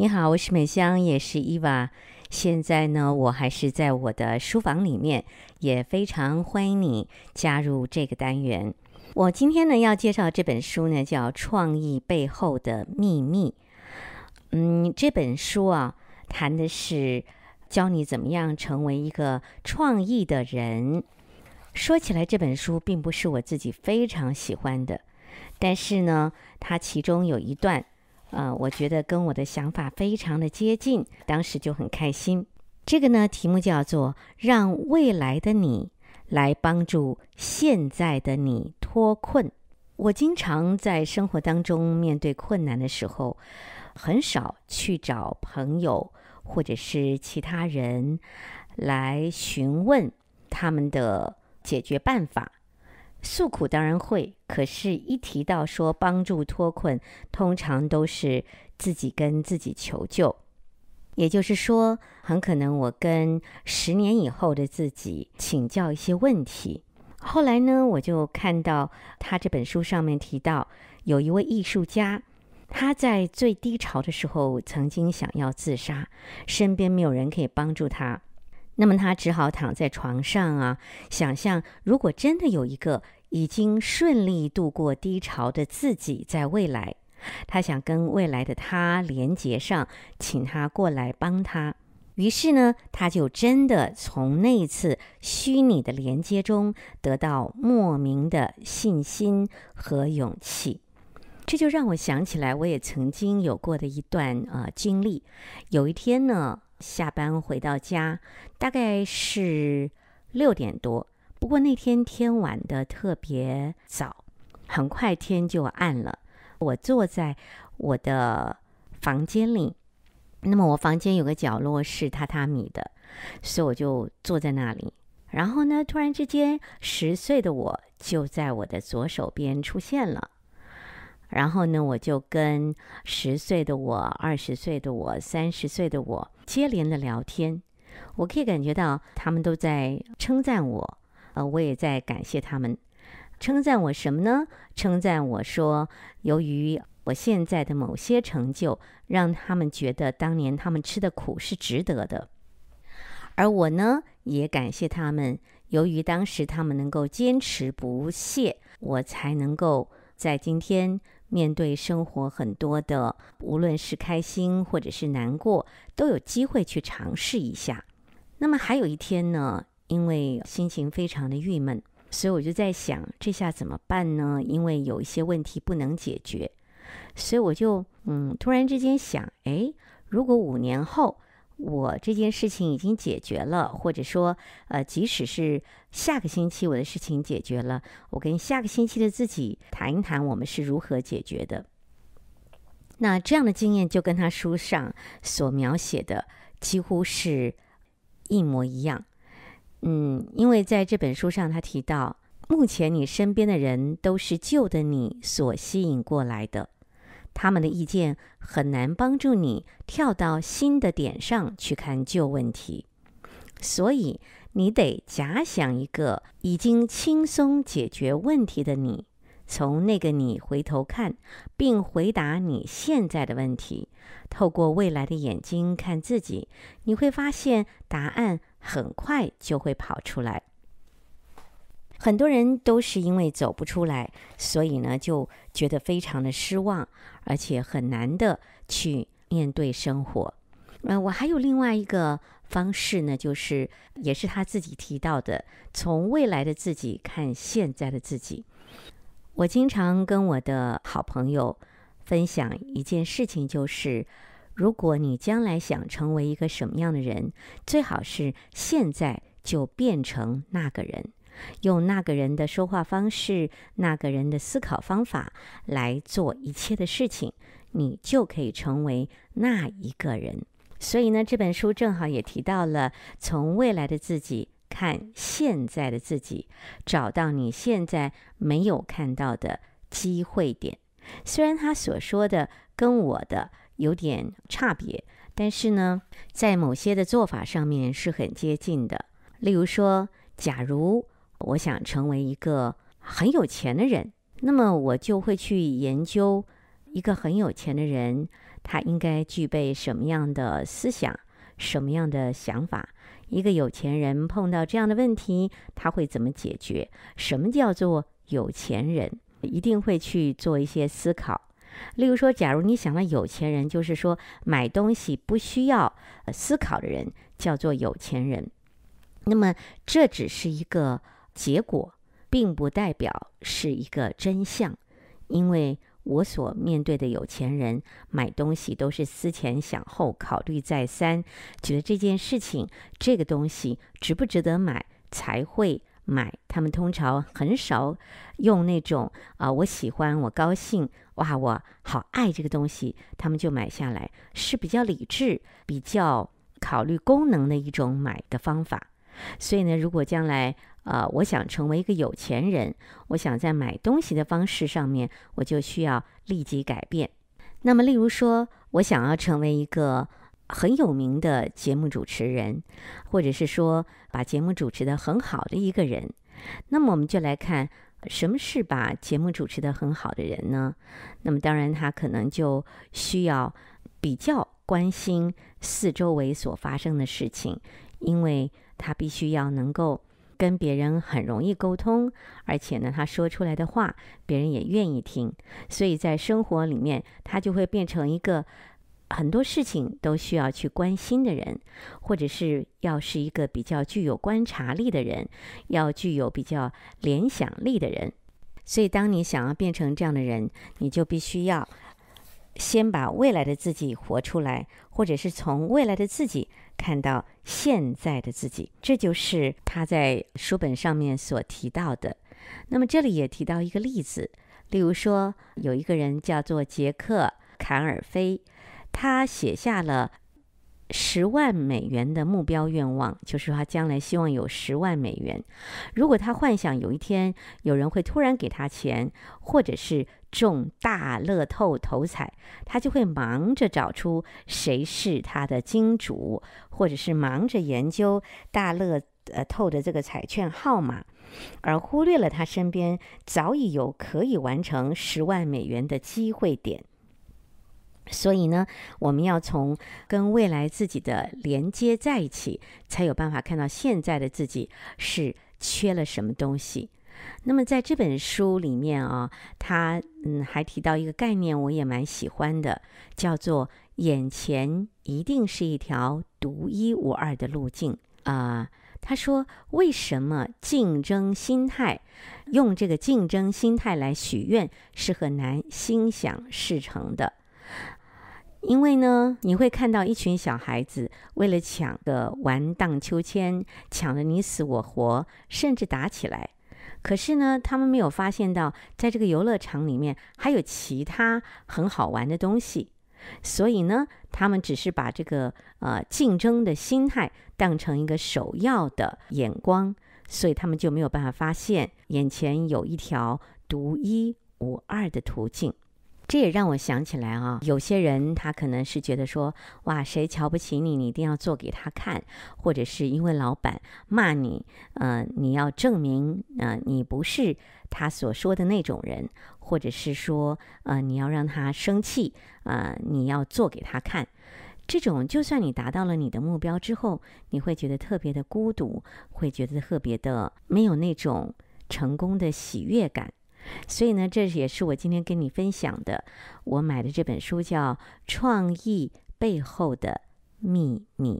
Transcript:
你好，我是美香，也是伊娃。現在呢，我還是在我的書房裡面，也非常歡迎你加入這個單元。我今天呢要介紹這本書呢，叫《創意背後的秘密》。嗯，這本書啊，談的是教你怎麼樣成為一個創意的人。說起來，這本書並不是我自己非常喜歡的，但是呢，它其中有一段，呃，我覺得跟我的想法非常的接近，當時就很開心。這個呢，題目叫做“讓未來的你來幫助現在的你脫困”。我經常在生活當中面對困難的時候，很少去找朋友或者是其他人來詢問他們的解決辦法。訴苦當然會，可是，一提到說幫助脫困，通常都是自己跟自己求救。也就是說，很可能我跟十年以後的自己請教一些問題。後來呢，我就看到他這本書上面提到，有一位藝術家，他在最低潮的時候曾經想要自殺，身邊沒有人可以幫助他。那麼他只好躺在床上啊，想象如果真的有一個已經順利度過低潮的自己在未來，他想跟未來的他連接上，請他過來幫他。於是呢，他就真的從那一次虛擬的連接中得到莫名的信心和勇氣。這就讓我想起來，我也曾經有過的一段啊、呃、經歷。有一天呢。下班回到家，大概是六點多。不過那天天晚得特別早，很快天就暗了。我坐在我的房間裡，那麼我房間有個角落是榻榻米的，所以我就坐在那裡。然後呢，突然之間，十歲的我就在我的左手邊出現了。然後呢，我就跟十歲的我、二十歲的我、三十歲的我接連的聊天，我可以感覺到他們都在稱讚我，呃，我也在感謝他們。稱讚我什麼呢？稱讚我說，由於我現在的某些成就，讓他們覺得當年他們吃的苦是值得的。而我呢，也感謝他們，由於當時他們能夠堅持不懈，我才能夠在今天。面對生活很多的，無論是開心或者是難過，都有機會去嘗試一下。那麼還有一天呢，因為心情非常的鬱悶，所以我就在想，這下怎麼辦呢？因為有一些問題不能解決，所以我就嗯，突然之間想，哎，如果五年後。我這件事情已經解決了，或者說，呃，即使是下個星期我的事情解決了，我跟下個星期的自己談一談，我們是如何解決的。那這樣的經驗就跟他書上所描寫的幾乎是一模一樣。嗯，因為在這本書上，他提到，目前你身邊的人都是舊的你所吸引過來的。他們的意見很難幫助你跳到新的點上去看舊問題，所以你得假想一個已經輕鬆解決問題的你，從那個你回頭看，並回答你現在的問題。透過未來的眼睛看自己，你會發現答案很快就會跑出來。很多人都是因為走不出來，所以呢，就覺得非常的失望，而且很難的去面對生活。嗯、呃，我還有另外一個方式呢，就是也是他自己提到的，從未來的自己看現在的自己。我經常跟我的好朋友分享一件事情，就是如果你將來想成為一個什麼樣的人，最好是現在就變成那個人。用那個人的說話方式，那個人的思考方法來做一切的事情，你就可以成為那一個人。所以呢，這本書正好也提到了從未來的自己看現在的自己，找到你現在沒有看到的機會點。雖然他所說的跟我的有點差別，但是呢，在某些的做法上面是很接近的。例如說，假如，我想成為一個很有錢的人，那麼我就會去研究一個很有錢的人，他應該具備什麼樣的思想、什麼樣的想法？一個有錢人碰到這樣的問題，他會怎麼解決？什麼叫做有錢人？一定會去做一些思考。例如說，假如你想到有錢人，就是說買東西不需要思考的人，叫做有錢人。那麼這只是一個。結果並不代表是一個真相，因為我所面對的有錢人買東西都是思前想後、考慮再三，覺得這件事情、這個東西值不值得買才會買。他們通常很少用那種“啊，我喜歡，我高興，哇，我好愛這個東西”，他們就買下來，是比較理智、比較考慮功能的一種買的方法。所以呢，如果將來，呃，我想成為一個有錢人，我想在買東西的方式上面，我就需要立即改變。那麼，例如說，我想要成為一個很有名的節目主持人，或者是說把節目主持得很好的一個人，那麼我們就來看什麼是把節目主持得很好的人呢？那麼，當然他可能就需要比較關心四周圍所發生的事情，因為他必須要能夠。跟別人很容易溝通，而且呢，他說出來的話，別人也願意聽，所以在生活裡面，他就會變成一個很多事情都需要去關心的人，或者是要是一個比較具有觀察力的人，要具有比較聯想力的人。所以當你想要變成這樣的人，你就必須要先把未來的自己活出來，或者是從未來的自己。看到現在的自己，這就是他在書本上面所提到的。那麼這裡也提到一個例子，例如說有一個人叫做傑克·坎爾菲，他寫下了。十萬美元的目標願望，就是說他將來希望有十萬美元。如果他幻想，有一天有人會突然給他錢，或者是中大樂透頭彩，他就會忙着找出誰是他的金主，或者是忙着研究大樂呃透的這個彩券號碼，而忽略了他身邊早已有可以完成十萬美元的機會點。所以呢，我們要從跟未來自己的連接在一起，才有辦法看到現在的自己是缺了什麼東西。那麼在這本書裡面啊、哦，他嗯還提到一個概念，我也蠻喜歡的，叫做“眼前一定是一條獨一無二的路徑”啊、呃。他說：“為什麼競爭心態用這個競爭心態來許願是很難心想事成的？”因為呢，你會看到一群小孩子為了搶個玩盪秋千，搶得你死我活，甚至打起來。可是呢，他們沒有發現到，在這個遊樂場裡面還有其他很好玩的東西。所以呢，他們只是把這個呃競爭的心態當成一個首要的眼光，所以他們就沒有辦法發現眼前有一條獨一無二的途徑。這也讓我想起來啊，有些人他可能是覺得說，哇，誰瞧不起你，你一定要做給他看，或者是因為老闆罵你，呃，你要證明，呃，你不是他所說的那種人，或者是說，呃，你要讓他生氣，呃，你要做給他看，這種，就算你達到了你的目標之後，你會覺得特別的孤獨，會覺得特別的沒有那種成功的喜悅感。所以呢，這也是我今天跟你分享的，我買的這本書叫《創意背後的秘密》。